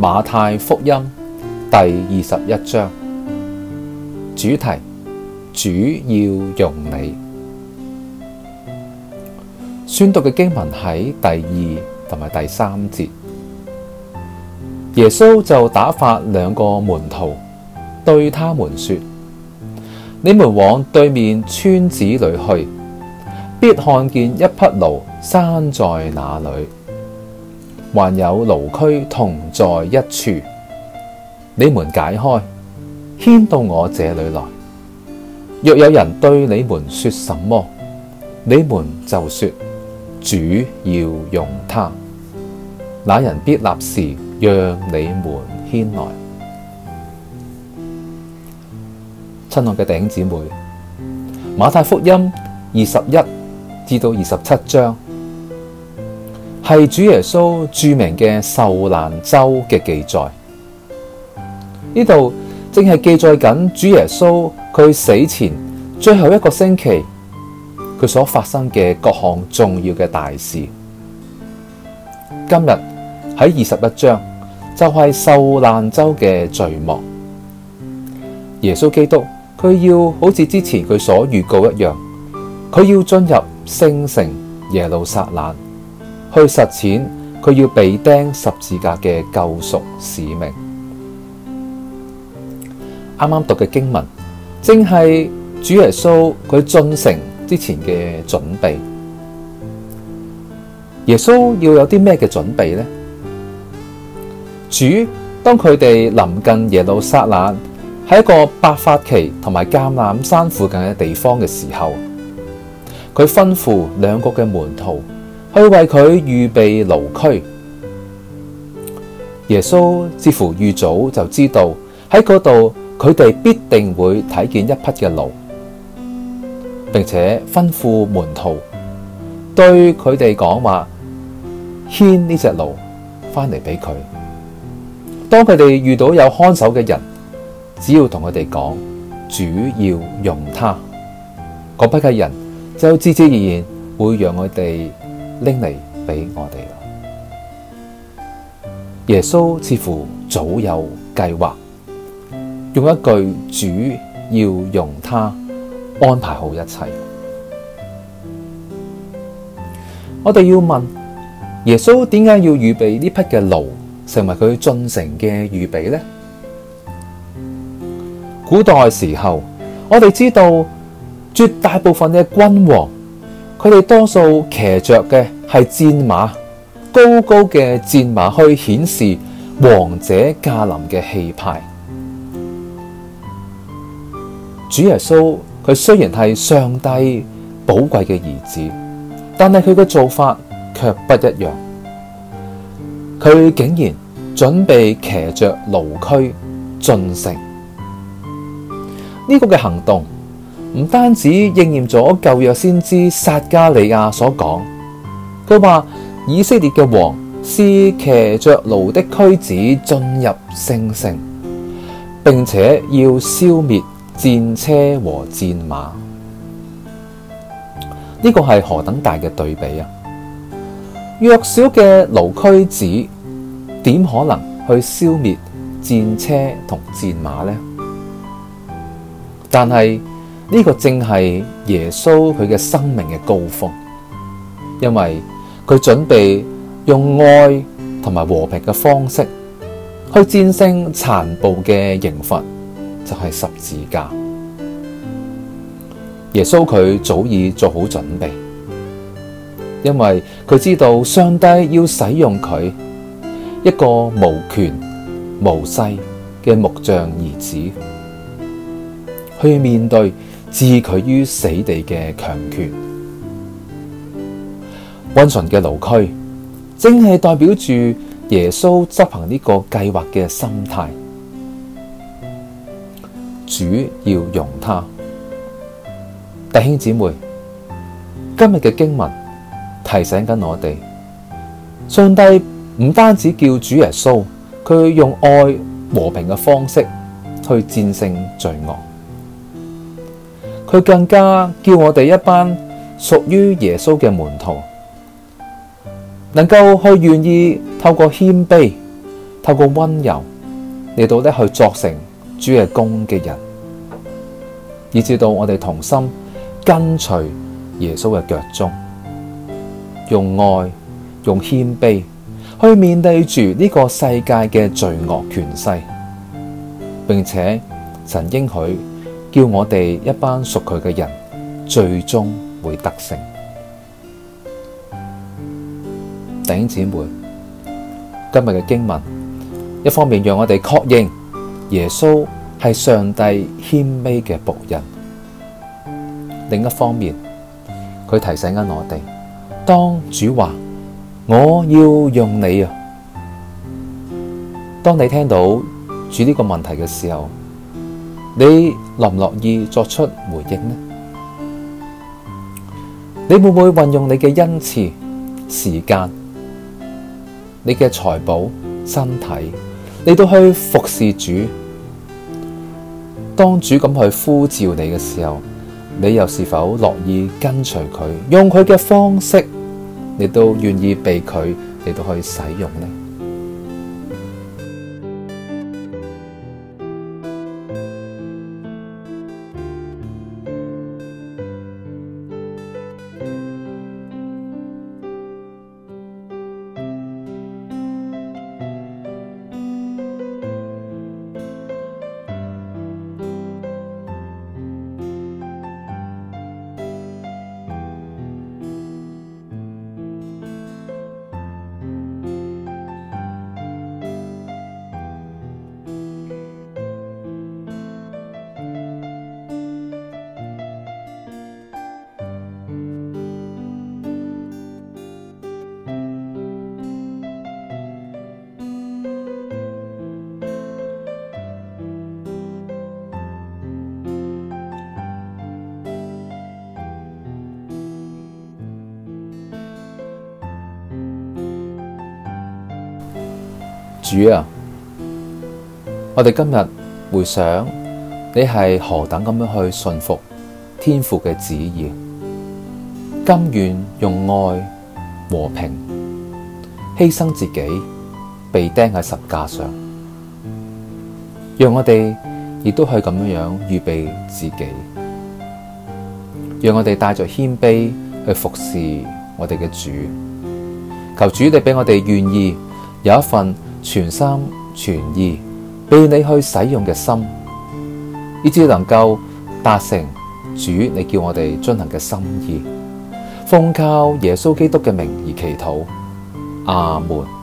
馬太福音第二十一章，主題主要用你宣讀嘅經文喺第二同埋第三節，耶穌就打發兩個門徒，對他們說：你們往對面村子裏去，必看見一匹驢拴在那裏。還有驢駒同在一處，你們解開，牽到我這裏來。若有人對你們說什麼，你們就說：主要用他，那人必立時讓你們牽來。親愛嘅弟兄姊妹，馬太福音二十一至到二十七章。係主耶穌著名嘅受難周嘅記載，呢度正係記載緊主耶穌佢死前最後一個星期佢所發生嘅各項重要嘅大事。今日喺二十一章就係受難周嘅序幕，耶穌基督佢要好似之前佢所預告一樣，佢要進入聖城耶路撒冷。去實踐佢要被釘十字架嘅救贖使命。啱啱讀嘅經文，正係主耶穌佢進城之前嘅準備。耶穌要有啲咩嘅準備呢？主當佢哋臨近耶路撒冷，喺一個伯法其同埋橄欖山附近嘅地方嘅時候，佢吩咐兩個嘅門徒。去為佢預備驢駒。耶穌似乎預早就知道喺嗰度，佢哋必定會睇見一匹嘅驢，並且吩咐門徒對佢哋講話，牽呢隻驢翻嚟俾佢。當佢哋遇到有看守嘅人，只要同佢哋講，「主要用他」，嗰批嘅人就自自然然會讓我哋。拎嚟俾我哋啦！耶穌似乎早有計劃，用一句主要用他安排好一切。我哋要問耶穌點解要預備呢匹嘅驢，成為佢進城嘅預備呢？古代時候，我哋知道絕大部分嘅君王。佢哋多數騎着嘅係戰馬，高高嘅戰馬去顯示王者駕臨嘅氣派。主耶穌佢雖然係上帝寶貴嘅兒子，但係佢嘅做法卻不一樣。佢竟然準備騎着驢駒進城，呢、這個嘅行動。唔單止應驗咗舊約先知撒加利亞所講，佢話以色列嘅王是騎着驢的駒子進入聖城，並且要消滅戰車和戰馬。呢、這個係何等大嘅對比啊！弱小嘅驢駒子點可能去消滅戰車同戰馬呢？但係。呢、這個正係耶穌佢嘅生命嘅高峰，因為佢準備用愛同埋和平嘅方式去戰勝殘暴嘅刑罰，就係十字架。耶穌佢早已做好準備，因為佢知道上帝要使用佢一個無權無勢嘅木匠兒子去面對。置佢於死地嘅強權，溫順嘅驢駒，正係代表住耶穌執行呢個計劃嘅心態。主要用他，弟兄姊妹，今日嘅經文提醒緊我哋，上帝唔單止叫主耶穌，佢用愛和平嘅方式去戰勝罪惡。佢更加叫我哋一班屬於耶穌嘅門徒，能夠去願意透過謙卑、透過溫柔，嚟到咧去作成主嘅工嘅人，以至到我哋同心跟隨耶穌嘅腳蹤，用愛、用謙卑去面對住呢個世界嘅罪惡權勢，並且曾應許。叫我哋一班屬佢嘅人，最終會得勝。弟兄姊妹，今日嘅經文，一方面讓我哋確認耶穌係上帝謙卑嘅僕人；另一方面，佢提醒緊我哋，當主話我要用你啊，當你聽到主呢個問題嘅時候。你樂唔樂意作出回應呢？你會唔會運用你嘅恩賜、時間、你嘅財寶、身體，你都去服侍主？當主咁去呼召你嘅時候，你又是否樂意跟隨佢？用佢嘅方式，你都願意被佢嚟到去使用呢？主啊，我哋今日回想你係何等咁樣去信服天父嘅旨意，甘願用愛和平犧牲自己，被釘喺十架上。讓我哋亦都係咁樣預備自己，讓我哋帶着謙卑去服侍我哋嘅主。求主，你俾我哋願意有一份。全心全意被你去使用嘅心，以致能夠達成主你叫我哋進行嘅心意。奉靠耶穌基督嘅名義祈禱，阿門。